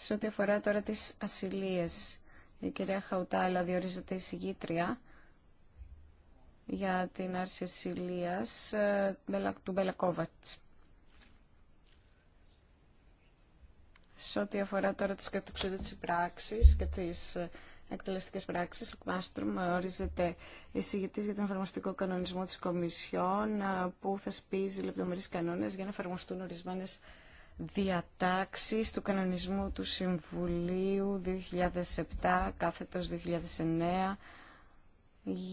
Σε ό,τι αφορά τώρα τις ασυλίες, η κυρία Χαουτάλα διορίζεται εισηγήτρια για την άρση ασυλίας ε, του Μπελακόβατ. Σε ό,τι αφορά τώρα τις κατοξιδότητες πράξεις και τις ε, εκτελεστικές πράξεις, Λουκμάστρουμ ε, ορίζεται εισηγητής για τον εφαρμοστικό κανονισμό της Κομισιόν που θεσπίζει λεπτομερείς κανόνες για να εφαρμοστούν ορισμένες διατάξεις του κανονισμού του Συμβουλίου 2007 κάθετος 2009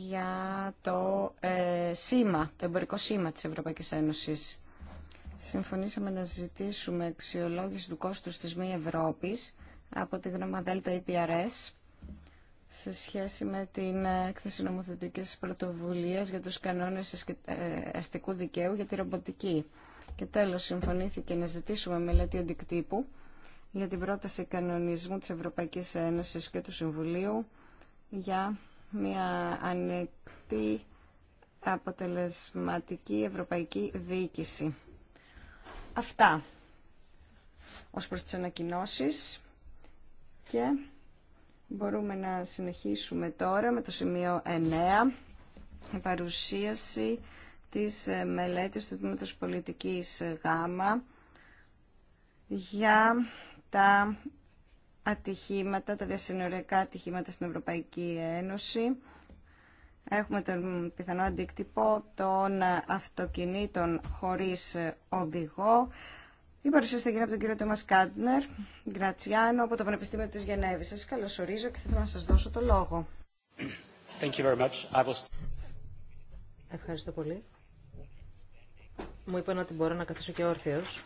για το ε, σήμα, το εμπορικό σήμα της Ευρωπαϊκής Ένωσης. Συμφωνήσαμε να ζητήσουμε αξιολόγηση του κόστου της μη Ευρώπης από τη γνώμα ΔΕΛΤΑ EPRS σε σχέση με την ε, έκθεση νομοθετικής πρωτοβουλίας για τους κανόνες αστικού δικαίου για τη ρομποτική. Και τέλος συμφωνήθηκε να ζητήσουμε μελέτη αντικτύπου για την πρόταση κανονισμού της Ευρωπαϊκής Ένωσης και του Συμβουλίου για μια ανεκτή αποτελεσματική ευρωπαϊκή διοίκηση. Αυτά ως προς τις ανακοινώσει και μπορούμε να συνεχίσουμε τώρα με το σημείο 9, η παρουσίαση της ε, μελέτης του Τμήματος Πολιτικής ε, ΓΑΜΑ για τα ατυχήματα, τα διασυνοριακά ατυχήματα στην Ευρωπαϊκή Ένωση. Έχουμε τον πιθανό αντίκτυπο των αυτοκινήτων χωρίς ε, οδηγό. Η παρουσίαση θα γίνει από τον κύριο Τόμας Κάντνερ, Γκρατσιάνο, από το Πανεπιστήμιο της Γενέβης. Σας καλωσορίζω και θέλω να σας δώσω το λόγο. Thank you very much. I was... Ευχαριστώ πολύ μου είπαν ότι μπορώ να καθίσω και όρθιος.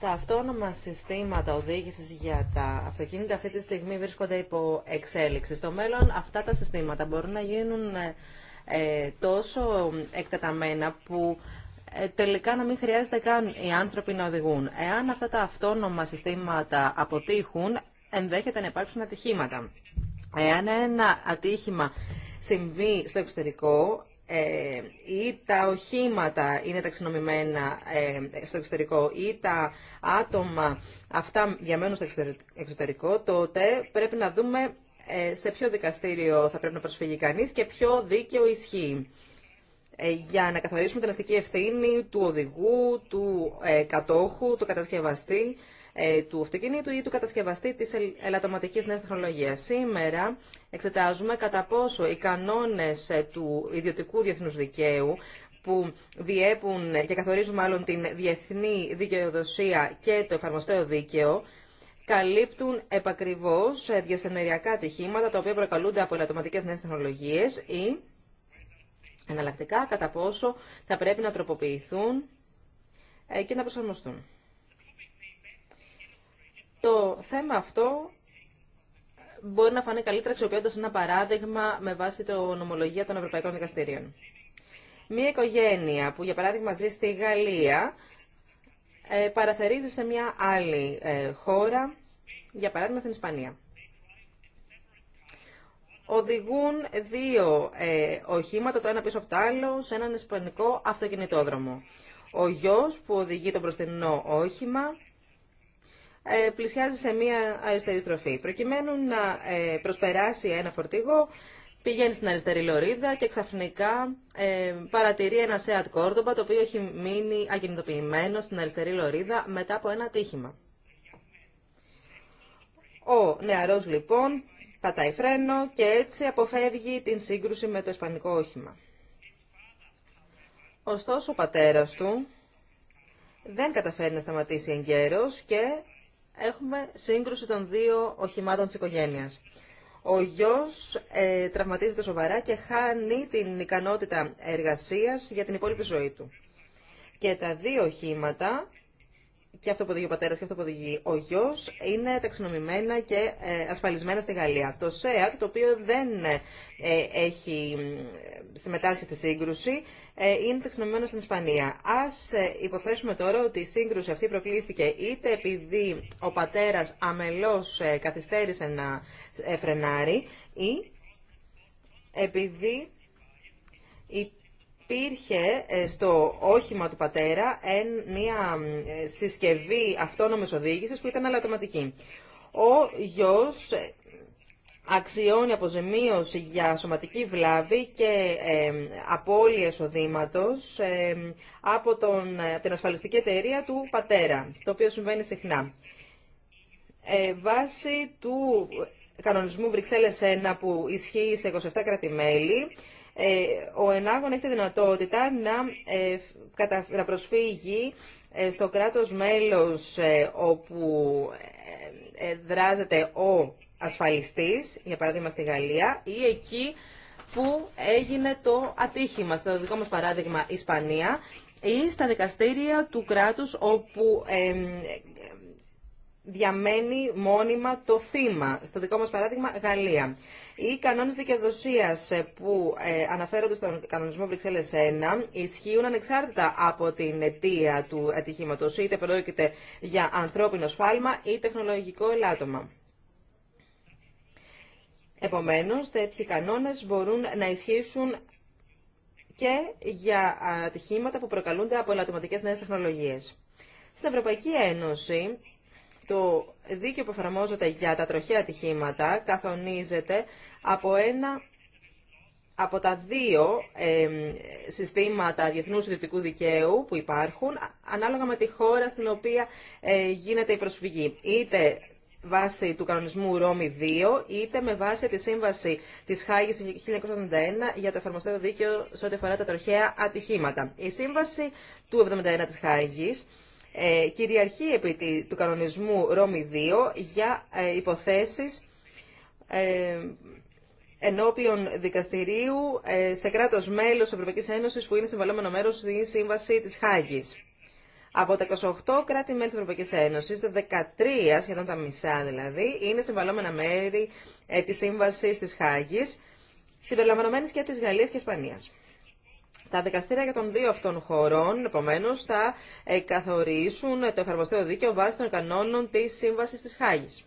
Τα αυτόνομα συστήματα οδήγησης για τα αυτοκίνητα αυτή τη στιγμή βρίσκονται υπό εξέλιξη. Στο μέλλον αυτά τα συστήματα μπορούν να γίνουν ε, ε τόσο εκτεταμένα που ε, τελικά να μην χρειάζεται καν οι άνθρωποι να οδηγούν. Εάν αυτά τα αυτόνομα συστήματα αποτύχουν, ενδέχεται να υπάρξουν ατυχήματα. Εάν ένα ατύχημα συμβεί στο εξωτερικό, ε, ή τα οχήματα είναι ταξινομημένα ε, στο εξωτερικό ή τα άτομα αυτά διαμένουν στο εξωτερικό, τότε πρέπει να δούμε ε, σε ποιο δικαστήριο θα πρέπει να προσφύγει κανείς και ποιο δίκαιο ισχύει για να καθορίσουμε την αστική ευθύνη του οδηγού, του κατόχου, του κατασκευαστή ε, του αυτοκινήτου ή του κατασκευαστή της ελαττωματικής νέας τεχνολογίας. Σήμερα εξετάζουμε κατά πόσο οι κανόνες ε, του ιδιωτικού διεθνούς δικαίου που διέπουν και καθορίζουν μάλλον την διεθνή δικαιοδοσία και το εφαρμοστέο δίκαιο καλύπτουν επακριβώς ε, διασεμεριακά ατυχήματα τα οποία προκαλούνται από ελαττωματικές νέες τεχνολογίες ή εναλλακτικά κατά πόσο θα πρέπει να τροποποιηθούν και να προσαρμοστούν. Το θέμα αυτό μπορεί να φανεί καλύτερα αξιοποιώντα ένα παράδειγμα με βάση το νομολογία των Ευρωπαϊκών Δικαστηρίων. Μία οικογένεια που, για παράδειγμα, ζει στη Γαλλία, ε, παραθερίζει σε μια άλλη ε, χώρα, για παράδειγμα στην Ισπανία. Οδηγούν δύο ε, οχήματα, το ένα πίσω από το άλλο, σε έναν ισπανικό αυτοκινητόδρομο. Ο γιος που οδηγεί το μπροστινό όχημα ε, πλησιάζει σε μία αριστερή στροφή. Προκειμένου να ε, προσπεράσει ένα φορτηγό, πηγαίνει στην αριστερή λωρίδα και ξαφνικά ε, παρατηρεί ένα ΣΕΑΤ Κόρδοπα το οποίο έχει μείνει ακινητοποιημένο στην αριστερή λωρίδα μετά από ένα τύχημα. Ο νεαρός λοιπόν πατάει φρένο και έτσι αποφεύγει την σύγκρουση με το ισπανικό όχημα. Ωστόσο ο πατέρας του δεν καταφέρει να σταματήσει εγκαίρως και έχουμε σύγκρουση των δύο οχημάτων της οικογένειας. Ο γιος ε, τραυματίζεται σοβαρά και χάνει την ικανότητα εργασίας για την υπόλοιπη ζωή του. Και τα δύο οχήματα και αυτό που οδηγεί ο πατέρα και αυτό που οδηγεί ο γιο είναι ταξινομημένα και ε, ασφαλισμένα στη Γαλλία. Το ΣΕΑΤ, το οποίο δεν ε, έχει συμμετάσχει στη σύγκρουση, ε, είναι ταξινομημένο στην Ισπανία. Α υποθέσουμε τώρα ότι η σύγκρουση αυτή προκλήθηκε είτε επειδή ο πατέρα αμελώ καθυστέρησε να φρενάρει ή επειδή υπήρχε ε, στο όχημα του πατέρα μια ε, συσκευή αυτόνομης οδήγησης που ήταν αλλατοματική. Ο γιος ε, αξιώνει αποζημίωση για σωματική βλάβη και ε, απώλεια εισοδήματος από τον, την ασφαλιστική εταιρεία του πατέρα, το οποίο συμβαίνει συχνά. Ε, βάσει του κανονισμού Βρυξέλλες 1 που ισχύει σε 27 κράτη-μέλη, ε, ο ενάγων έχει τη δυνατότητα να, ε, να προσφύγει ε, στο κράτος μέλος όπου δράζεται ο ασφαλιστής, για παράδειγμα στη Γαλλία, ή εκεί που έγινε το ατύχημα, στο δικό μας παράδειγμα Ισπανία, ή στα δικαστήρια του κράτους όπου διαμένει μόνιμα το θύμα. Στο δικό μας παράδειγμα, Γαλλία. Οι κανόνες δικαιοδοσίας ε, που ε, αναφέρονται στον κανονισμό Βρυξέλλες 1 ισχύουν ανεξάρτητα από την αιτία του ατυχήματος. είτε πρόκειται για ανθρώπινο σφάλμα ή τεχνολογικό ελάττωμα. Επομένως, τέτοιοι κανόνες μπορούν να ισχύσουν και για ατυχήματα που προκαλούνται από ελαττωματικές νέες τεχνολογίες. Στην Ευρωπαϊκή Ένωση, το δίκαιο που εφαρμόζεται για τα τροχαία ατυχήματα καθονίζεται από ένα από τα δύο συστήματα διεθνούς ιδιωτικού δικαίου που υπάρχουν, ανάλογα με τη χώρα στην οποία ε, γίνεται η προσφυγή. Είτε βάσει του κανονισμού Ρώμη 2, είτε με βάση τη σύμβαση της Χάγης 1981 για το εφαρμοστέο δίκαιο σε ό,τι αφορά τα τροχαία ατυχήματα. Η σύμβαση του 1971 της Χάγης ε, κυριαρχεί επί του κανονισμού Ρώμη 2 για ε, υποθέσεις ε, ενώπιον δικαστηρίου σε κράτος μέλος Ευρωπαϊκής Ένωσης που είναι συμβαλόμενο μέρος στη Σύμβαση της Χάγης. Από τα 28 κράτη-μέλη της Ευρωπαϊκής Ένωσης, 13, σχεδόν τα μισά δηλαδή, είναι συμβαλόμενα μέρη της Σύμβασης της Χάγης, συμπεριλαμβανομένης και της Γαλλίας και Ισπανίας. Τα δικαστήρια για των δύο αυτών χωρών, επομένω, θα ε, καθορίσουν το εφαρμοστέο δίκαιο βάσει των κανόνων τη Σύμβαση τη Χάγη.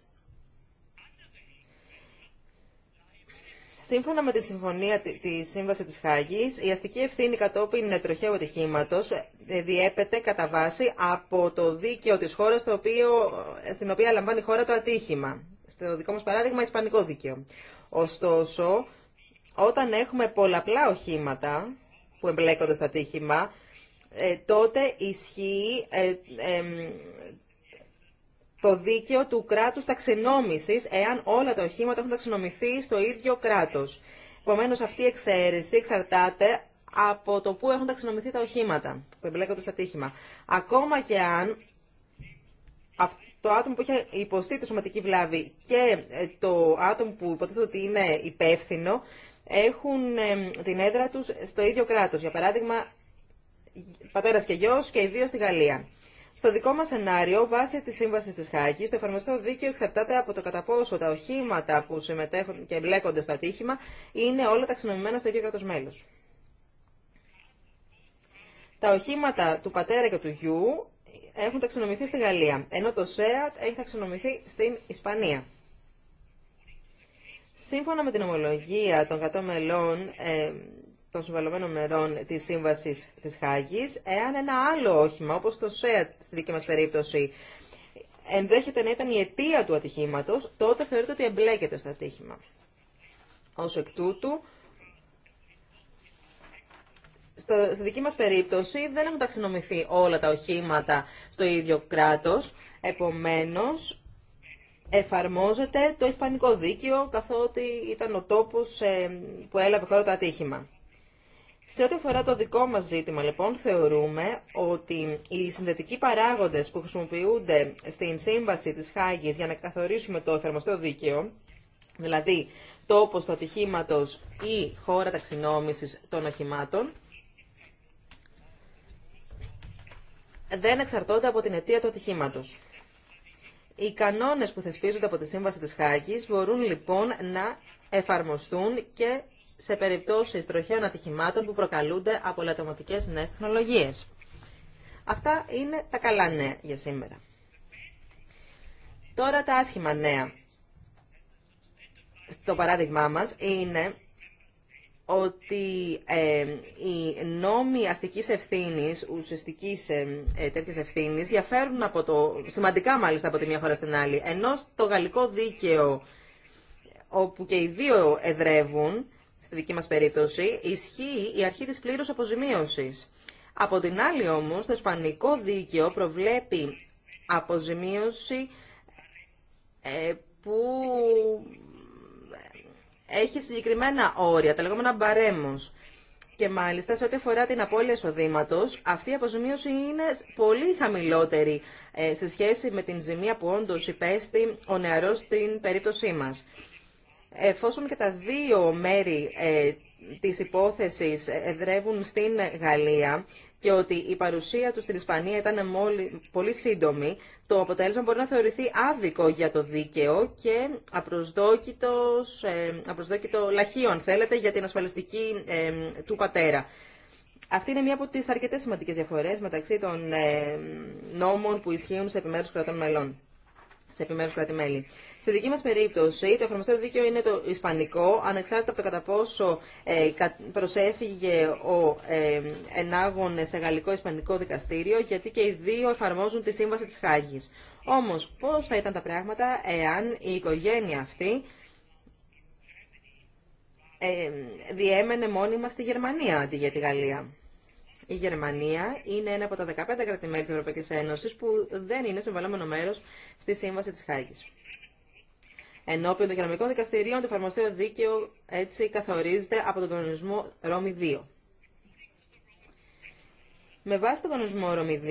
Σύμφωνα με τη συμφωνία τη Σύμβαση της Χάγης, η αστική ευθύνη κατόπιν τροχαίου ατυχήματο ε, διέπεται κατά βάση από το δίκαιο της χώρας στο οποίο, ε, στην οποία λαμβάνει η χώρα το ατύχημα. Στο δικό μας παράδειγμα, ισπανικό δίκαιο. Ωστόσο, όταν έχουμε πολλαπλά οχήματα, που εμπλέκονται στο ατύχημα, ε, τότε ισχύει ε, το δίκαιο του κράτους ταξινόμησης, εάν όλα τα οχήματα έχουν ταξινομηθεί στο ίδιο κράτος. Επομένω, αυτή η εξαίρεση εξαρτάται από το πού έχουν ταξινομηθεί τα οχήματα που εμπλέκονται στο ατύχημα. Ακόμα και αν το άτομο που είχε υποστεί τη σωματική βλάβη και ε, το άτομο που υποτίθεται ότι είναι υπεύθυνο έχουν την έδρα τους στο ίδιο κράτος. Για παράδειγμα, πατέρας και γιος και οι δύο στη Γαλλία. Στο δικό μας σενάριο, βάσει τη Σύμβαση της Χάκη, το εφαρμοστό δίκαιο εξαρτάται από το κατά πόσο τα οχήματα που συμμετέχουν και εμπλέκονται στο ατύχημα είναι όλα ταξινομημένα στο ίδιο κράτος μέλος. Τα οχήματα του πατέρα και του γιου έχουν ταξινομηθεί στη Γαλλία, ενώ το ΣΕΑΤ έχει ταξινομηθεί στην Ισπανία. Σύμφωνα με την ομολογία των 100 μελών ε, των συμβαλωμένων μερών της Σύμβασης της Χάγης, εάν ένα άλλο όχημα, όπως το ΣΕΑΤ στη δική μας περίπτωση, ενδέχεται να ήταν η αιτία του ατυχήματος, τότε θεωρείται ότι εμπλέκεται στο ατύχημα. Ως εκ τούτου, στο, στη δική μας περίπτωση δεν έχουν ταξινομηθεί όλα τα οχήματα στο ίδιο κράτος, επομένως εφαρμόζεται το ισπανικό δίκαιο, καθότι ήταν ο τόπος ε, που έλαβε χώρα το ατύχημα. Σε ό,τι αφορά το δικό μας ζήτημα, λοιπόν, θεωρούμε ότι οι συνδετικοί παράγοντες που χρησιμοποιούνται στην σύμβαση της Χάγης για να καθορίσουμε το εφαρμοστό δίκαιο, δηλαδή τόπος του ατυχήματος ή χώρα ταξινόμησης των οχημάτων, δεν εξαρτώνται από την αιτία του ατυχήματος. Οι κανόνες που θεσπίζονται από τη Σύμβαση της Χάκης μπορούν λοιπόν να εφαρμοστούν και σε περιπτώσεις τροχαίων ατυχημάτων που προκαλούνται από λατωματικές νέες τεχνολογίες. Αυτά είναι τα καλά νέα για σήμερα. Τώρα τα άσχημα νέα. Στο παράδειγμά μας είναι ότι ε, οι νόμοι αστικής ευθύνης, ουσιαστικής ε, ε, διαφέρουν από το, σημαντικά μάλιστα από τη μία χώρα στην άλλη. Ενώ στο γαλλικό δίκαιο, όπου και οι δύο εδρεύουν, στη δική μας περίπτωση, ισχύει η αρχή της πλήρους αποζημίωσης. Από την άλλη όμως, το ισπανικό δίκαιο προβλέπει αποζημίωση ε, που έχει συγκεκριμένα όρια, τα λεγόμενα μπαρέμους. Και μάλιστα σε ό,τι αφορά την απώλεια εισοδήματο, αυτή η αποζημίωση είναι πολύ χαμηλότερη ε, σε σχέση με την ζημία που όντω υπέστη ο νεαρό στην περίπτωσή μα. Εφόσον και τα δύο μέρη ε, της υπόθεσης εδρεύουν στην Γαλλία, και ότι η παρουσία του στην Ισπανία ήταν πολύ σύντομη, το αποτέλεσμα μπορεί να θεωρηθεί άδικο για το δίκαιο και απροσδόκητος, ε, απροσδόκητο λαχείο, αν θέλετε, για την ασφαλιστική ε, του πατέρα. Αυτή είναι μία από τις αρκετές σημαντικές διαφορές μεταξύ των ε, νόμων που ισχύουν σε επιμέρους κρατών μελών σε επιμέρου Στη δική μα περίπτωση, το εφαρμοστέο δίκαιο είναι το ισπανικό, ανεξάρτητα από το κατά πόσο ε, προσέφυγε ο ε, ενάγων σε γαλλικό-ισπανικό δικαστήριο, γιατί και οι δύο εφαρμόζουν τη Σύμβαση τη Χάγη. Όμω, πώ θα ήταν τα πράγματα εάν η οικογένεια αυτή ε, διέμενε μόνιμα στη Γερμανία αντί για τη Γαλλία. Η Γερμανία είναι ένα από τα 15 κράτη-μέλη τη Ευρωπαϊκή Ένωση που δεν είναι συμβαλόμενο μέρο στη Σύμβαση τη Χάγη. Ενώπιον των Γερμανικών Δικαστηρίων, το εφαρμοστείο δίκαιο έτσι καθορίζεται από τον κανονισμό Ρώμη 2. Με βάση τον κανονισμό ΡΟΜΗ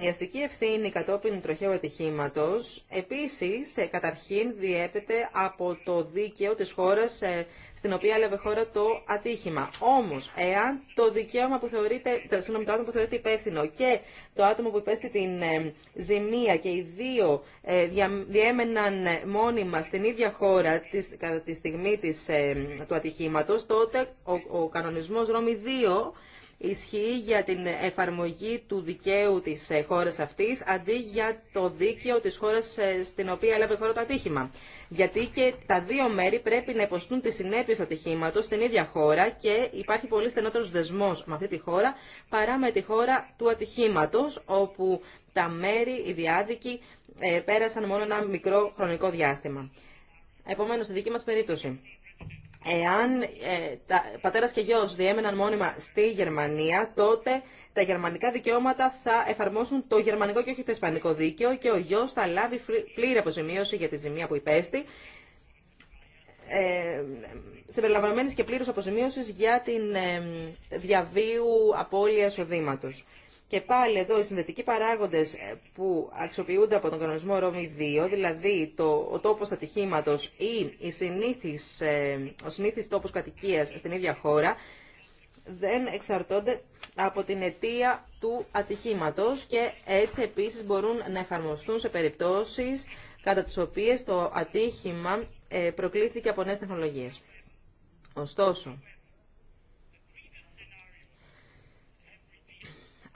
2, η αστική ευθύνη κατόπιν τροχαίου ατυχήματο επίση ε, καταρχήν διέπεται από το δίκαιο τη χώρα ε, στην οποία έλαβε χώρα το ατύχημα. Όμω, εάν το δικαίωμα που θεωρείται, το, το άτομο που θεωρείται υπεύθυνο και το άτομο που υπέστη την ε, ζημία και οι δύο διέμεναν μόνιμα στην ίδια χώρα της, κατά τη στιγμή της, του ατυχήματο, τότε ο, ο κανονισμό ΡΟΜΗ 2 ισχύει για την εφαρμογή του δικαίου της ε, χώρας αυτής αντί για το δίκαιο της χώρας ε, στην οποία έλαβε χώρα το ατύχημα. Γιατί και τα δύο μέρη πρέπει να υποστούν τις συνέπειε του ατυχήματος στην ίδια χώρα και υπάρχει πολύ στενότερος δεσμός με αυτή τη χώρα παρά με τη χώρα του ατυχήματος όπου τα μέρη, οι διάδικοι ε, πέρασαν μόνο ένα μικρό χρονικό διάστημα. Επομένως, στη δική μας περίπτωση Εάν ε, τα, πατέρας και γιος διέμεναν μόνιμα στη Γερμανία, τότε τα γερμανικά δικαιώματα θα εφαρμόσουν το γερμανικό και όχι το ισπανικό δίκαιο και ο γιος θα λάβει πλήρη αποζημίωση για τη ζημία που υπέστη, ε, συμπεριλαμβανομένης και πλήρους αποζημίωσης για την ε, διαβίου απώλεια εισοδήματος. Και πάλι εδώ οι συνδετικοί παράγοντες ε, που αξιοποιούνται από τον κανονισμό Ρώμη 2, δηλαδή το, ο τόπο ατυχήματο η ε, συνήθις, ο συνήθι τόπο κατοικία στην ίδια χώρα, δεν εξαρτώνται από την αιτία του ατυχήματο και έτσι επίσης μπορούν να εφαρμοστούν σε περιπτώσεις κατά τις οποίες το ατύχημα ε, προκλήθηκε από νέε τεχνολογίε. Ωστόσο,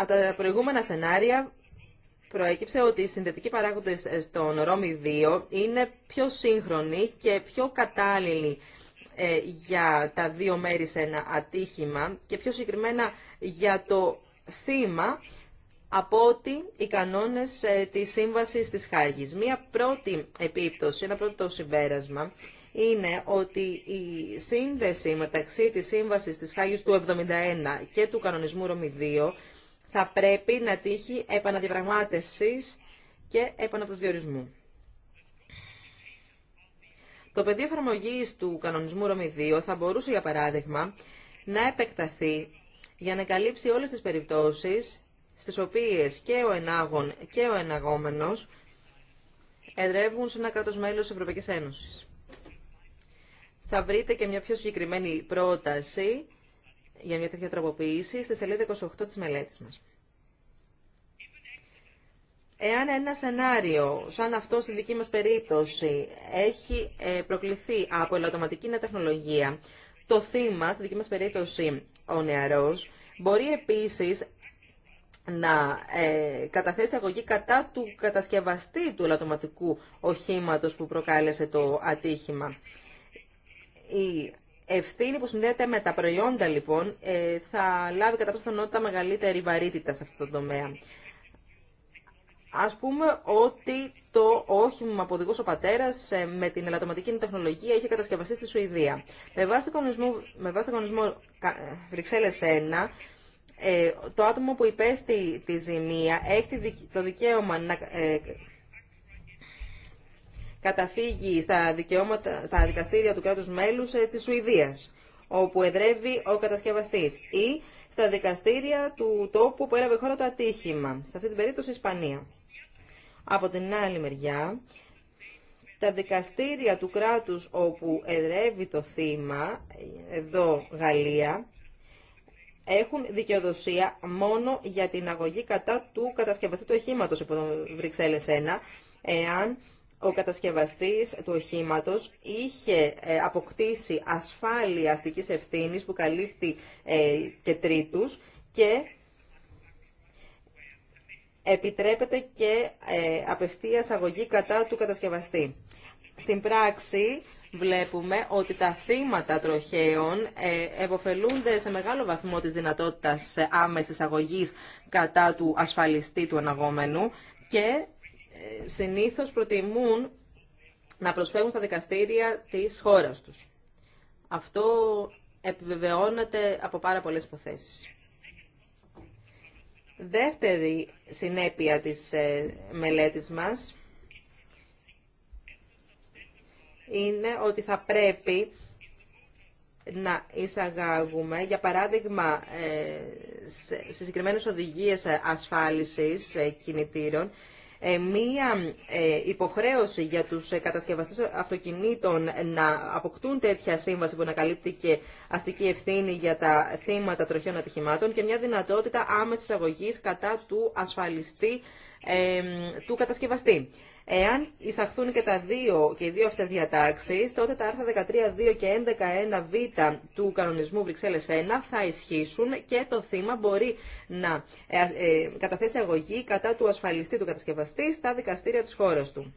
Από τα προηγούμενα σενάρια προέκυψε ότι οι συνδετικοί παράγοντες στον Ρώμη 2 είναι πιο σύγχρονοι και πιο κατάλληλοι ε, για τα δύο μέρη σε ένα ατύχημα και πιο συγκεκριμένα για το θύμα από ότι οι κανόνες ε, της σύμβασης της Χάγης. Μία πρώτη επίπτωση, ένα πρώτο συμπέρασμα είναι ότι η σύνδεση μεταξύ της σύμβασης της Χάγης του 71 και του κανονισμού Ρωμιδίου θα πρέπει να τύχει επαναδιαπραγμάτευσης και επαναπροσδιορισμού. Το πεδίο εφαρμογή του κανονισμού Ρώμη 2 θα μπορούσε, για παράδειγμα, να επεκταθεί για να καλύψει όλες τις περιπτώσεις στις οποίες και ο ενάγων και ο εναγόμενος εδρεύουν σε ένα κράτος μέλος της Ευρωπαϊκής Ένωσης. Θα βρείτε και μια πιο συγκεκριμένη πρόταση για μια τέτοια τροποποίηση στη σελίδα 28 της μελέτης μας. Εάν ένα σενάριο, σαν αυτό στη δική μας περίπτωση, έχει ε, προκληθεί από ελαττωματική τεχνολογία, το θύμα, στη δική μας περίπτωση ο νεαρός, μπορεί επίσης να ε, καταθέσει αγωγή κατά του κατασκευαστή του ελαττωματικού οχήματος που προκάλεσε το ατύχημα ευθύνη που συνδέεται με τα προϊόντα λοιπόν ε, θα λάβει κατά πιθανότητα μεγαλύτερη βαρύτητα σε αυτό το τομέα. Ας πούμε ότι το όχημα που οδηγούσε ο πατέρας ε, με την ελαττωματική τεχνολογία είχε κατασκευαστεί στη Σουηδία. Με βάση τον κανονισμό, με ε, Βρυξέλλες 1, το άτομο που υπέστη τη ζημία έχει το δικαίωμα να καταφύγει στα, δικαιώματα, στα δικαστήρια του κράτους μέλους ε, της Σουηδίας, όπου εδρεύει ο κατασκευαστής, ή στα δικαστήρια του τόπου που έλαβε χώρα το ατύχημα, σε αυτή την περίπτωση Ισπανία. Από την άλλη μεριά, τα δικαστήρια του κράτους όπου εδρεύει το θύμα, εδώ Γαλλία, έχουν δικαιοδοσία μόνο για την αγωγή κατά του κατασκευαστή του οχήματος υπό τον Βρυξέλλες 1, εάν ο κατασκευαστής του οχήματος είχε ε, αποκτήσει ασφάλεια αστικής ευθύνης που καλύπτει ε, και τρίτους και επιτρέπεται και ε, απευθείας αγωγή κατά του κατασκευαστή. Στην πράξη βλέπουμε ότι τα θύματα τροχαίων εποφελούνται σε μεγάλο βαθμό της δυνατότητας άμεσης αγωγής κατά του ασφαλιστή του αναγόμενου και συνήθως προτιμούν να προσφέρουν στα δικαστήρια της χώρας τους. Αυτό επιβεβαιώνεται από πάρα πολλές υποθέσεις. Δεύτερη συνέπεια της ε, μελέτης μας είναι ότι θα πρέπει να εισαγάγουμε, για παράδειγμα, ε, σε συγκεκριμένες οδηγίες ασφάλισης ε, κινητήρων, ε, μία ε, υποχρέωση για τους ε, κατασκευαστές αυτοκινήτων να αποκτούν τέτοια σύμβαση που να καλύπτει και αστική ευθύνη για τα θύματα τροχιών ατυχημάτων και μια δυνατότητα άμεσης αγωγής κατά του ασφαλιστή του κατασκευαστή. Εάν εισαχθούν και, τα δύο, και οι δύο αυτές διατάξεις, τότε τα άρθρα 13.2 και 11.1β του κανονισμού Βρυξέλλες 1 θα ισχύσουν και το θύμα μπορεί να ε, ε, καταθέσει αγωγή κατά του ασφαλιστή του κατασκευαστή στα δικαστήρια της χώρας του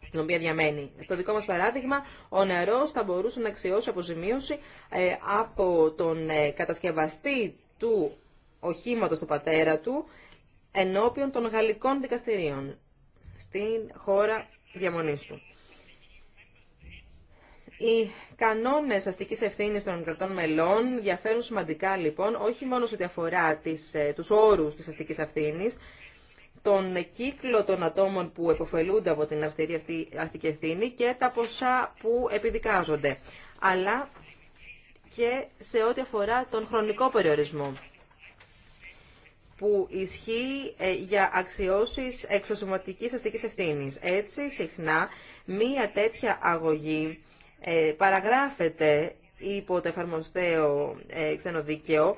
στην οποία διαμένει. Στο δικό μας παράδειγμα, ο νερός θα μπορούσε να αξιώσει αποζημίωση ε, από τον κατασκευαστή του οχήματος του πατέρα του ενώπιον των γαλλικών δικαστηρίων στην χώρα διαμονής του. Οι κανόνε αστική ευθύνη των κρατών μελών διαφέρουν σημαντικά λοιπόν, όχι μόνο σε ό,τι αφορά του ε, τους όρους της αστικής ευθύνη, τον κύκλο των ατόμων που επωφελούνται από την αυστηρή αστική ευθύνη και τα ποσά που επιδικάζονται, αλλά και σε ό,τι αφορά τον χρονικό περιορισμό που ισχύει ε, για αξιώσεις εξωσωματικής αστικής ευθύνης. Έτσι, συχνά, μία τέτοια αγωγή ε, παραγράφεται υπό το εφαρμοστέο ε, ξενοδίκαιο,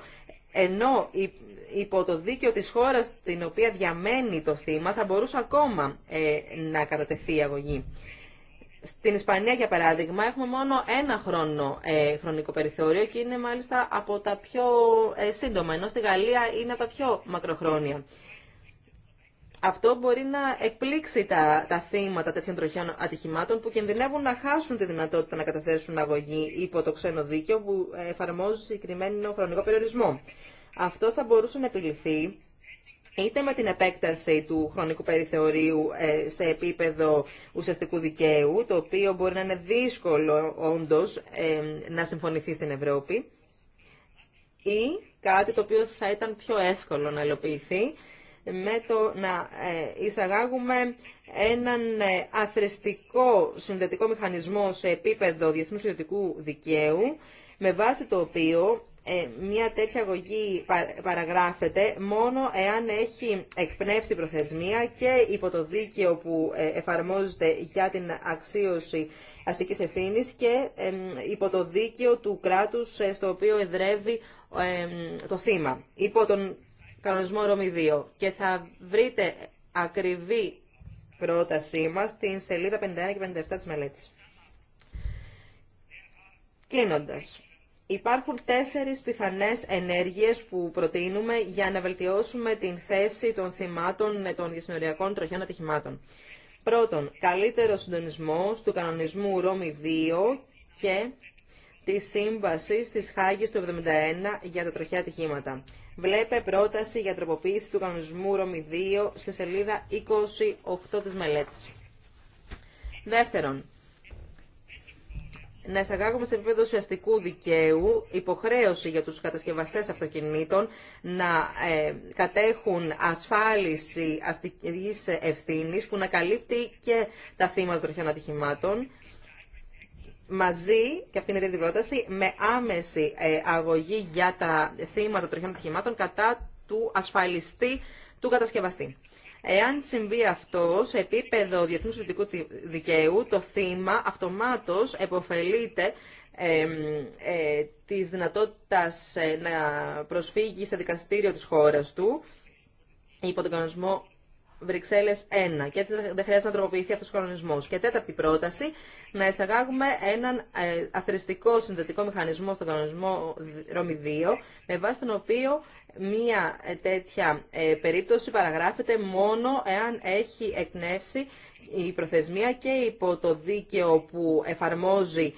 ενώ υπό το δίκαιο της χώρας την οποία διαμένει το θύμα θα μπορούσε ακόμα να κατατεθεί η αγωγή. Στην Ισπανία, για παράδειγμα, έχουμε μόνο ένα χρόνο ε, χρονικό περιθώριο και είναι μάλιστα από τα πιο ε, σύντομα, ενώ στη Γαλλία είναι από τα πιο μακροχρόνια. Αυτό μπορεί να εκπλήξει τα, τα θύματα τέτοιων τροχιών ατυχημάτων που κινδυνεύουν να χάσουν τη δυνατότητα να καταθέσουν αγωγή υπό το ξένο δίκαιο που ε, εφαρμόζει συγκεκριμένο χρονικό περιορισμό. Αυτό θα μπορούσε να επιληθεί είτε με την επέκταση του χρονικού περιθεωρίου ε, σε επίπεδο ουσιαστικού δικαίου, το οποίο μπορεί να είναι δύσκολο όντως ε, να συμφωνηθεί στην Ευρώπη, ή κάτι το οποίο θα ήταν πιο εύκολο να υλοποιηθεί, με το να ε, εισαγάγουμε έναν αθρεστικό συνδετικό μηχανισμό σε επίπεδο διεθνούς ιδιωτικού δικαίου, με βάση το οποίο ε, μια τέτοια αγωγή παραγράφεται μόνο εάν έχει εκπνεύσει προθεσμία και υπό το δίκαιο που ε, εφαρμόζεται για την αξίωση αστικής ευθύνης και υπό το δίκαιο του κράτους ε, στο οποίο εδρεύει το θύμα, υπό τον κανονισμό Ρώμη Και θα βρείτε ακριβή πρότασή μας στην σελίδα 51 και 57 της μελέτης. Κλείνοντας, Υπάρχουν τέσσερις πιθανές ενέργειες που προτείνουμε για να βελτιώσουμε την θέση των θυμάτων των διασυνοριακών τροχιών ατυχημάτων. Πρώτον, καλύτερο συντονισμό του κανονισμού ΡΟΜΗ 2 και τη σύμβαση της Χάγης του 71 για τα τροχιά ατυχήματα. Βλέπε πρόταση για τροποποίηση του κανονισμού ΡΟΜΙ 2 στη σελίδα 28 της μελέτης. Δεύτερον, να εισαγάγουμε σε επίπεδο ουσιαστικού δικαίου υποχρέωση για τους κατασκευαστές αυτοκινήτων να ε, κατέχουν ασφάλιση αστικής ευθύνης που να καλύπτει και τα θύματα τροχιών ατυχημάτων μαζί, και αυτή είναι η τρίτη πρόταση, με άμεση ε, αγωγή για τα θύματα τροχιών ατυχημάτων κατά του ασφαλιστή του κατασκευαστή. Εάν συμβεί αυτό σε επίπεδο διεθνούς ιδιωτικού δικαίου, το θύμα αυτομάτως επωφελείται ε, ε, της δυνατότητας ε, να προσφύγει σε δικαστήριο της χώρας του υπό τον κανονισμό Βρυξέλλες 1. Και δεν χρειάζεται να τροποποιηθεί αυτός ο κανονισμό. Και τέταρτη πρόταση, να εισαγάγουμε έναν ε, αθρηστικό συνδετικό μηχανισμό στον κανονισμό Ρώμη 2, με βάση τον οποίο μία ε, τέτοια ε, περίπτωση παραγράφεται μόνο εάν έχει εκνεύσει η προθεσμία και υπό το δίκαιο που εφαρμόζει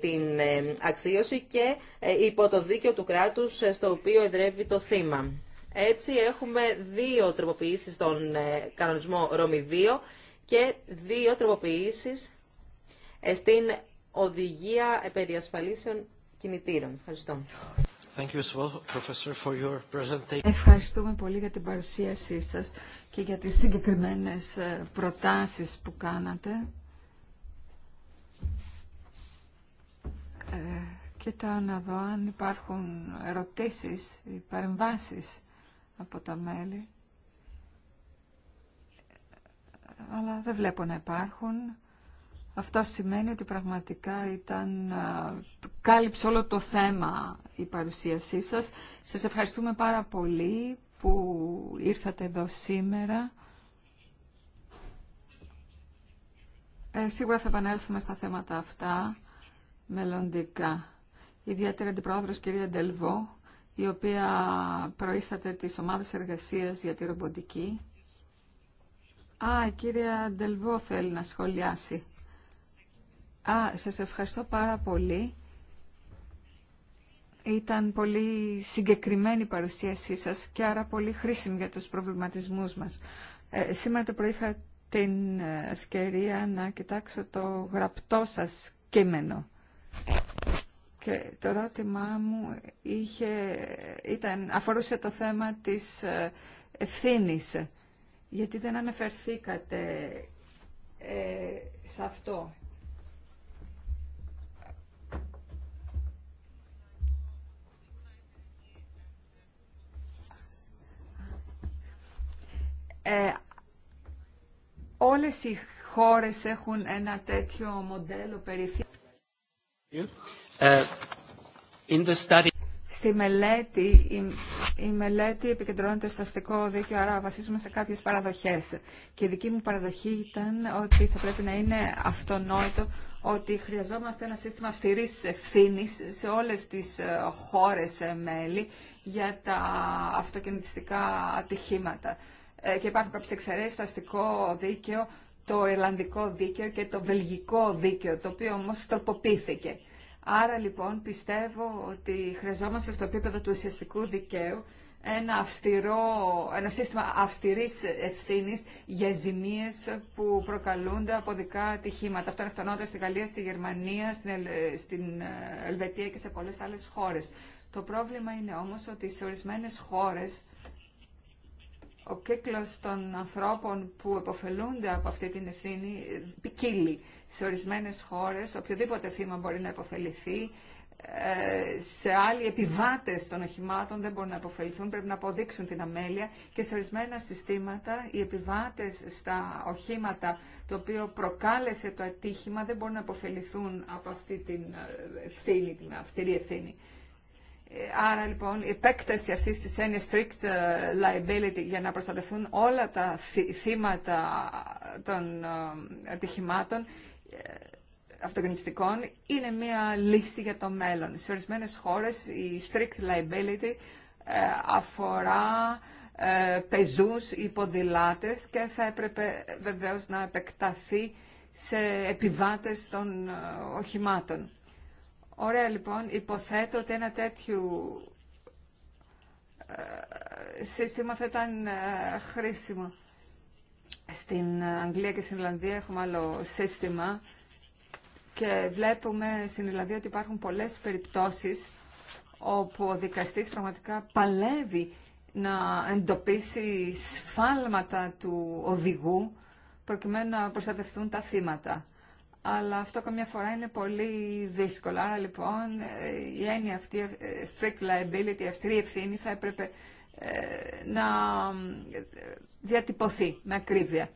την αξίωση και υπό το δίκαιο του κράτους στο οποίο εδρεύει το θύμα. Έτσι έχουμε δύο τροποποιήσεις στον ε, κανονισμό ρομι 2 και δύο τροποποιήσεις ε, στην οδηγία περί κινητήρων. Ευχαριστώ. Thank you as well, Professor, for your Ευχαριστούμε πολύ για την παρουσίασή σας και για τις συγκεκριμένες ε, προτάσεις που κάνατε. Ε, και τα να δω αν υπάρχουν ερωτήσεις ή παρεμβάσεις από τα μέλη. Αλλά δεν βλέπω να υπάρχουν. Αυτό σημαίνει ότι πραγματικά ήταν, κάλυψε όλο το θέμα η παρουσίασή σας. Σας ευχαριστούμε πάρα πολύ που ήρθατε εδώ σήμερα. Ε, σίγουρα θα επανέλθουμε στα θέματα αυτά μελλοντικά. Ιδιαίτερα την πρόεδρος κυρία Ντελβό η οποία προείσατε της ομάδας εργασίας για τη ρομποτική. Α, η κυρία Ντελβό θέλει να σχολιάσει. Α, σας ευχαριστώ πάρα πολύ. Ήταν πολύ συγκεκριμένη η παρουσίασή σας και άρα πολύ χρήσιμη για τους προβληματισμούς μας. Ε, σήμερα το πρωί είχα την ευκαιρία να κοιτάξω το γραπτό σας κείμενο. Και το ερώτημά μου είχε, ήταν, αφορούσε το θέμα της ε, ευθύνης, γιατί δεν αναφερθήκατε σε αυτό. Ε, όλες οι χώρες έχουν ένα τέτοιο μοντέλο περιφέρειας. Uh, Στη μελέτη, η, μελέτη επικεντρώνεται στο αστικό δίκαιο, άρα βασίζουμε σε κάποιες παραδοχές. Και η δική μου παραδοχή ήταν ότι θα πρέπει να είναι αυτονόητο ότι χρειαζόμαστε ένα σύστημα αυστηρή ευθύνη σε όλες τις ε, χώρες ε, μέλη για τα αυτοκινητιστικά ατυχήματα. Ε, και υπάρχουν κάποιες εξαιρέσεις στο αστικό δίκαιο, το Ιρλανδικό δίκαιο και το Βελγικό δίκαιο, το οποίο όμως τροποποιήθηκε. Άρα λοιπόν πιστεύω ότι χρειαζόμαστε στο επίπεδο του ουσιαστικού δικαίου ένα, αυστηρό, ένα σύστημα αυστηρής ευθύνης για ζημίες που προκαλούνται από δικά ατυχήματα. Αυτό είναι φτανότητα στη Γαλλία, στη Γερμανία, στην, στην ε, Ελβετία και σε πολλές άλλες χώρες. Το πρόβλημα είναι όμως ότι σε ορισμένες χώρες ο κύκλος των ανθρώπων που επωφελούνται από αυτή την ευθύνη ποικίλει. Σε ορισμένες χώρες οποιοδήποτε θύμα μπορεί να επωφεληθεί, ε, σε άλλοι επιβάτες των οχημάτων δεν μπορούν να επωφεληθούν, πρέπει να αποδείξουν την αμέλεια και σε ορισμένα συστήματα οι επιβάτες στα οχήματα το οποίο προκάλεσε το ατύχημα δεν μπορούν να αποφεληθούν από αυτή την ε, ευθύνη, την ευθύνη. Ε, άρα λοιπόν η επέκταση αυτής της έννοιας strict ε, liability για να προστατευτούν όλα τα θύματα των ε, ατυχημάτων αυτοκινηστικών είναι μια λύση για το μέλλον. Σε ορισμένε χώρες η strict liability αφορά πεζούς ή και θα έπρεπε βεβαίως να επεκταθεί σε επιβάτες των οχημάτων. Ωραία λοιπόν, υποθέτω ότι ένα τέτοιο ε, σύστημα θα ήταν ε, χρήσιμο. Στην Αγγλία και στην Ιρλανδία έχουμε άλλο σύστημα και βλέπουμε στην Ιρλανδία ότι υπάρχουν πολλές περιπτώσεις όπου ο δικαστής πραγματικά παλεύει να εντοπίσει σφάλματα του οδηγού προκειμένου να προστατευτούν τα θύματα αλλά αυτό καμιά φορά είναι πολύ δύσκολο. Άρα λοιπόν η έννοια αυτή, ε, strict liability, αυστηρή ευθύνη, θα έπρεπε ε, να ε, διατυπωθεί με ακρίβεια.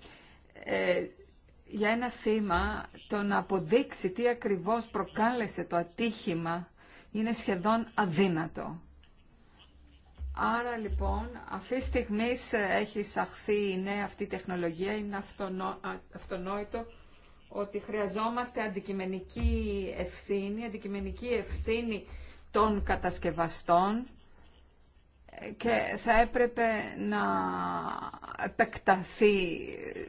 για ένα θύμα το να αποδείξει τι ακριβώς προκάλεσε το ατύχημα είναι σχεδόν αδύνατο. Άρα λοιπόν, αυτή τη στιγμή έχει εισαχθεί η νέα αυτή τεχνολογία, είναι αυτονόητο ότι χρειαζόμαστε αντικειμενική ευθύνη, αντικειμενική ευθύνη των κατασκευαστών και θα έπρεπε να επεκταθεί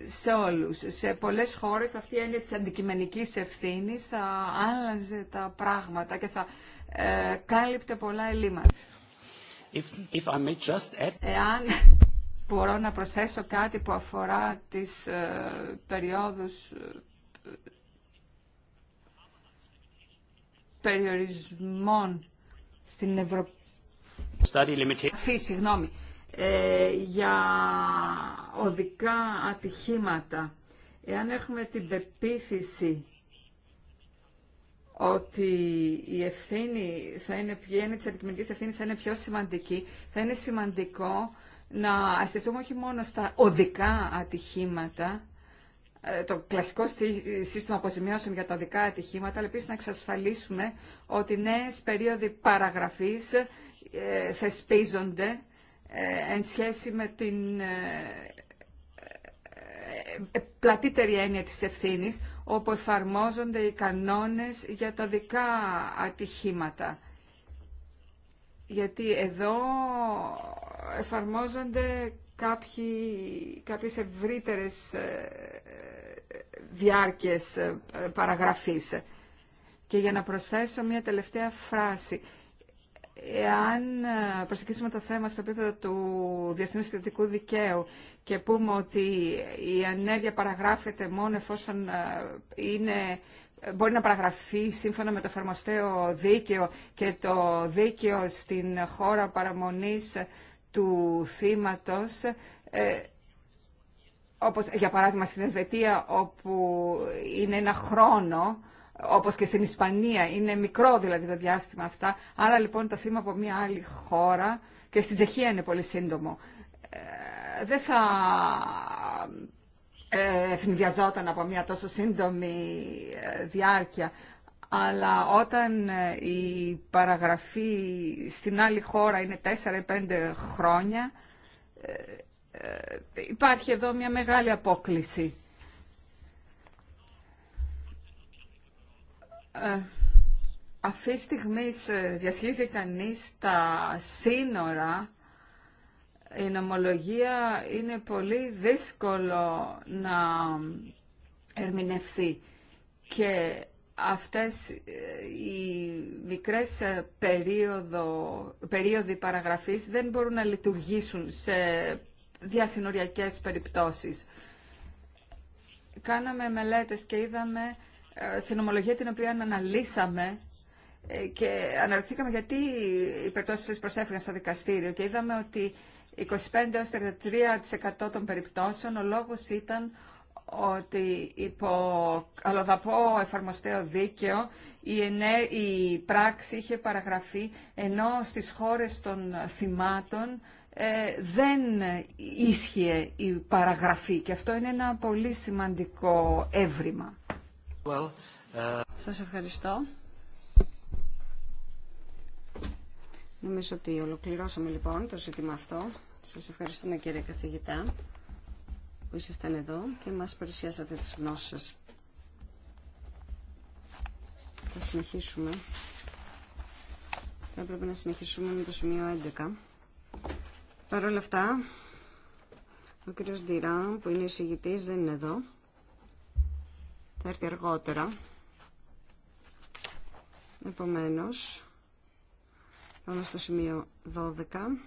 σε όλους. Σε πολλές χώρες αυτή η έννοια της αντικειμενικής ευθύνης θα άλλαζε τα πράγματα και θα ε, κάλυπτε πολλά ελλείμματα. Εάν μπορώ να προσθέσω κάτι που αφορά τις ε, περιόδους περιορισμών στην Ευρωπαϊκή συγγνώμη, ε, για οδικά ατυχήματα. Εάν έχουμε την πεποίθηση ότι η ευθύνη θα είναι, η έννοια της αντικειμενικής ευθύνης θα είναι πιο σημαντική, θα είναι σημαντικό να αστιαστούμε όχι μόνο στα οδικά ατυχήματα, ε, το κλασικό σύστημα αποζημιώσεων για τα δικά ατυχήματα, αλλά επίση να εξασφαλίσουμε ότι νέε περίοδοι παραγραφής ε, θεσπίζονται ε, εν σχέση με την πλατύτερη έννοια της ευθύνης, όπου εφαρμόζονται οι κανόνες για τα δικά ατυχήματα. Γιατί εδώ εφαρμόζονται κάποιοι, κάποιες ευρύτερες ε, διάρκειες ε, παραγραφής. Και για να προσθέσω μια τελευταία φράση. Εάν ε, προσεγγίσουμε το θέμα στο επίπεδο του Διεθνούς Ιδιωτικού Δικαίου και πούμε ότι η ανέργεια παραγράφεται μόνο εφόσον είναι, μπορεί να παραγραφεί σύμφωνα με το εφαρμοστέο δίκαιο και το δίκαιο στην χώρα παραμονής του θύματος ε, όπως για παράδειγμα στην Ελβετία όπου είναι ένα χρόνο, όπως και στην Ισπανία, είναι μικρό δηλαδή το διάστημα αυτά. Άρα λοιπόν το θύμα από μια άλλη χώρα και στην Τσεχία είναι πολύ σύντομο. Ε, δεν θα ε, ευνηδιαζόταν από μια τόσο σύντομη διάρκεια αλλά όταν ε, η παραγραφή στην άλλη χώρα είναι 4 ή 5 χρόνια, ε, ε, υπάρχει εδώ μια μεγάλη απόκληση. Αυτή τη στιγμή διασχίζει κανείς τα σύνορα, νομολογία είναι πολύ δύσκολο να ερμηνευθεί και αυτές ε, οι μικρές ε, περίοδο, περίοδοι παραγραφής δεν μπορούν να λειτουργήσουν σε διασυνοριακές περιπτώσεις. Κάναμε μελέτες και είδαμε ε, την ομολογία την οποία αναλύσαμε και αναρωθήκαμε γιατί οι περιπτώσεις προσέφηκαν στο δικαστήριο και είδαμε ότι 25-33% των περιπτώσεων ο λόγος ήταν ότι υπό αλλοδαπό εφαρμοστέο δίκαιο η, η πράξη είχε παραγραφεί ενώ στις χώρες των θυμάτων ε, δεν ίσχυε η παραγραφή και αυτό είναι ένα πολύ σημαντικό έβριμα. Well, ε, Σας ευχαριστώ. Νομίζω ότι ολοκληρώσαμε λοιπόν το ζήτημα αυτό. Σας ευχαριστούμε κύριε καθηγητά που ήσασταν εδώ και μας παρουσιάσατε τις γνώσεις σας. Θα συνεχίσουμε. Θα έπρεπε να συνεχίσουμε με το σημείο 11. Παρ' όλα αυτά, ο κύριος Ντυρά, που είναι εισηγητής, δεν είναι εδώ. Θα έρθει αργότερα. Επομένως, πάμε στο σημείο 12.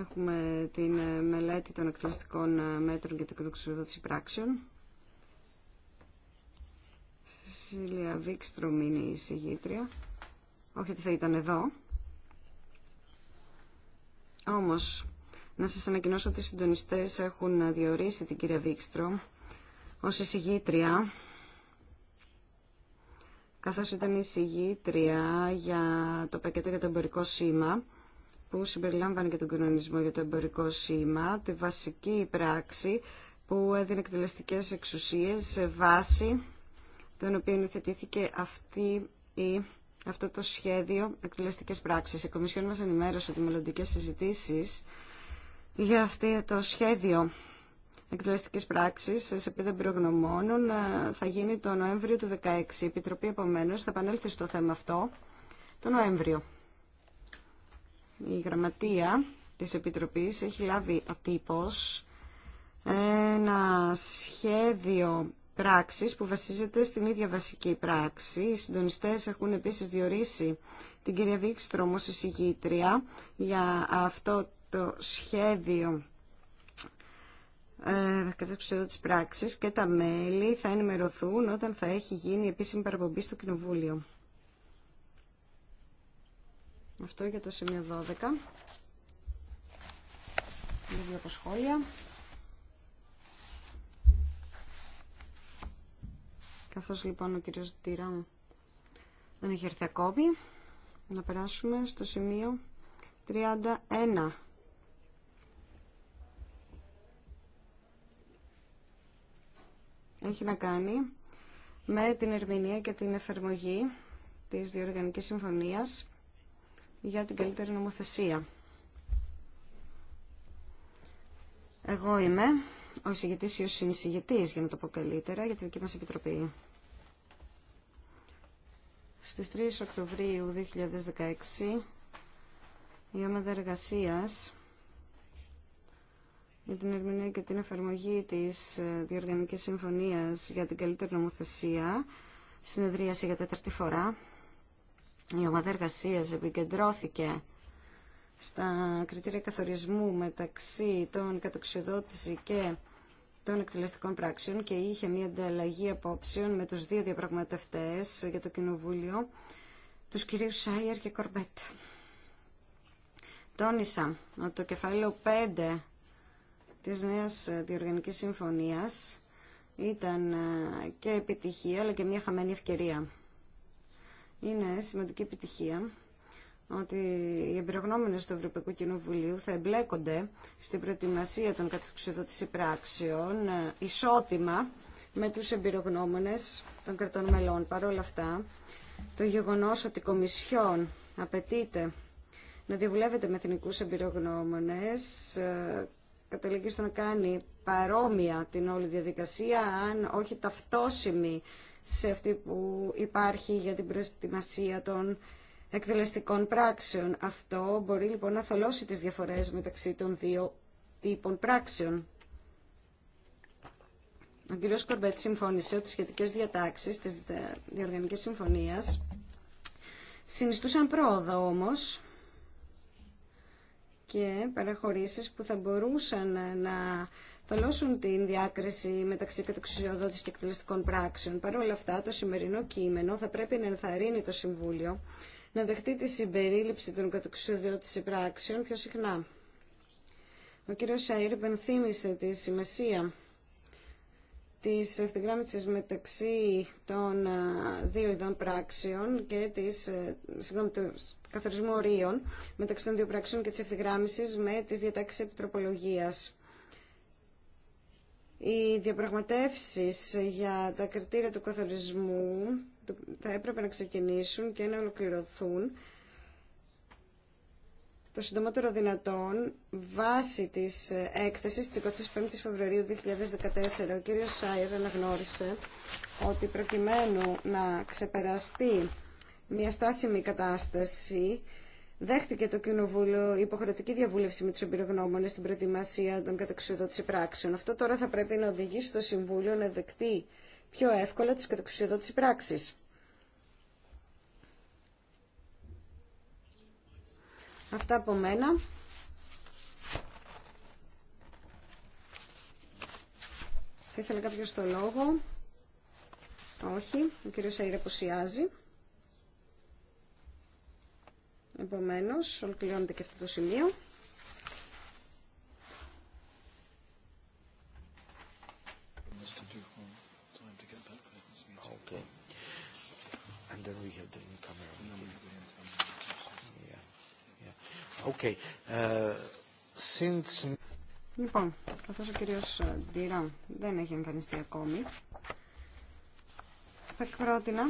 Έχουμε την ε, μελέτη των εκφραστικών ε, μέτρων και την εξοδότηση πράξεων. Σίλια Βίξτρομ είναι η συγγήτρια. Όχι ότι θα ήταν εδώ. Όμως, να σας ανακοινώσω ότι οι συντονιστές έχουν διορίσει την κυρία Βίξτρομ ως εισηγήτρια καθώς ήταν η εισηγήτρια για το πακέτο για το εμπορικό σήμα που συμπεριλάμβανε και τον κοινωνισμό για το εμπορικό σήμα, τη βασική πράξη που έδινε εκτελεστικέ εξουσίε σε βάση των οποίων υιοθετήθηκε αυτή η αυτό το σχέδιο εκτελεστικές πράξεις. Η Κομισιόν μας ενημέρωσε ότι μελλοντικές συζητήσεις για αυτό το σχέδιο εκτελεστικές πράξεις σε επίπεδο πυρογνωμόνων ε, θα γίνει το Νοέμβριο του 2016. Η Επιτροπή επομένως θα επανέλθει στο θέμα αυτό το Νοέμβριο. Η γραμματεία της Επιτροπής έχει λάβει ο ένα σχέδιο πράξης που βασίζεται στην ίδια βασική πράξη. Οι συντονιστές έχουν επίσης διορίσει την κυρία Βίξτρομ εισηγήτρια για αυτό το σχέδιο ε, της πράξης και τα μέλη θα ενημερωθούν όταν θα έχει γίνει επίσημη παραπομπή στο Κοινοβούλιο. Αυτό για το σημείο 12. Λίγο από σχόλια. Καθώς λοιπόν ο κύριος Τύρα δεν έχει έρθει ακόμη, να περάσουμε στο σημείο 31. Έχει να κάνει με την ερμηνεία και την εφαρμογή της Διοργανικής Συμφωνίας για την καλύτερη νομοθεσία. Εγώ είμαι ο εισηγητής ή ο συνεισηγητής, για να το πω καλύτερα, για τη δική μας Επιτροπή. Στις 3 Οκτωβρίου 2016, η ομάδα εργασία για την ερμηνεία και την εφαρμογή της ε, Διοργανικής Συμφωνίας για την καλύτερη νομοθεσία, συνεδρίαση για τέταρτη φορά, η ομάδα εργασία επικεντρώθηκε στα κριτήρια καθορισμού μεταξύ των κατοξιδότηση και των εκτελεστικών πράξεων και είχε μια ανταλλαγή απόψεων με τους δύο διαπραγματευτές για το Κοινοβούλιο, τους κυρίους Σάιερ και Κορμπέτ. Τόνισα ότι το κεφάλαιο 5 της νέας διοργανικής συμφωνίας ήταν και επιτυχία αλλά και μια χαμένη ευκαιρία. Είναι σημαντική επιτυχία ότι οι εμπειρογνώμονε του Ευρωπαϊκού Κοινοβουλίου θα εμπλέκονται στην προετοιμασία των κατοξιδότηση πράξεων ε, ισότιμα με τους εμπειρογνώμονες των κρατών μελών. Παρ' όλα αυτά, το γεγονός ότι η Κομισιόν απαιτείται να διαβουλεύεται με εθνικούς εμπειρογνώμονες ε, καταλήγει στο να κάνει παρόμοια την όλη διαδικασία, αν όχι ταυτόσιμη σε αυτή που υπάρχει για την προετοιμασία των εκτελεστικών πράξεων. Αυτό μπορεί λοιπόν να θολώσει τις διαφορές μεταξύ των δύο τύπων πράξεων. Ο κ. Κορμπέτ συμφώνησε ότι σχετικές διατάξεις της Διοργανικής Συμφωνίας συνιστούσαν πρόοδο όμως και παραχωρήσεις που θα μπορούσαν να θολώσουν την διάκριση μεταξύ κατεξουσιοδότης και εκτελεστικών πράξεων. Παρ' όλα αυτά, το σημερινό κείμενο θα πρέπει να ενθαρρύνει το Συμβούλιο να δεχτεί τη συμπερίληψη των κατεξουσιοδότης πράξεων πιο συχνά. Ο κ. Σαΐρ υπενθύμησε τη σημασία της ευθυγράμμισης μεταξύ των δύο ειδών πράξεων και της, συγγνώμη, του καθορισμού ορίων μεταξύ των δύο πράξεων και της ευθυγράμμισης με τις διατάξεις επιτροπολογίας. Οι διαπραγματεύσεις για τα κριτήρια του καθορισμού θα έπρεπε να ξεκινήσουν και να ολοκληρωθούν το συντομότερο δυνατόν βάσει της έκθεσης της 25ης Φεβρουαρίου 2014. Ο κύριος Σάιερ αναγνώρισε ότι προκειμένου να ξεπεραστεί μια στάσιμη κατάσταση δέχτηκε το Κοινοβούλιο υποχρεωτική διαβούλευση με του εμπειρογνώμονε στην προετοιμασία των κατεξουσιοδότηση πράξεων. Αυτό τώρα θα πρέπει να οδηγήσει το Συμβούλιο να δεκτεί πιο εύκολα τι κατεξουσιοδότηση πράξει. Αυτά από μένα. Θα ήθελε κάποιος το λόγο. Όχι, ο κύριος Αίρε Επομένως, ολοκληρώνεται και αυτό το σημείο. Uh, λοιπόν, καθώς ο κύριος ε, Ντυρά δεν έχει εμφανιστεί ακόμη, θα πρότεινα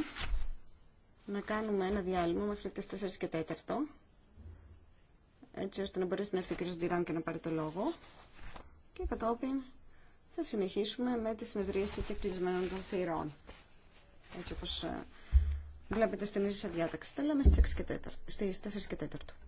να κάνουμε ένα διάλειμμα μέχρι τις 4 και 4 έτσι ώστε να μπορέσει να έρθει ο κ. και να πάρει το λόγο και κατόπιν θα συνεχίσουμε με τη συνεδρίαση και κλεισμένων των θηρών έτσι όπως ε, βλέπετε στην ίδια διάταξη. Τα λέμε στις 4 και 4.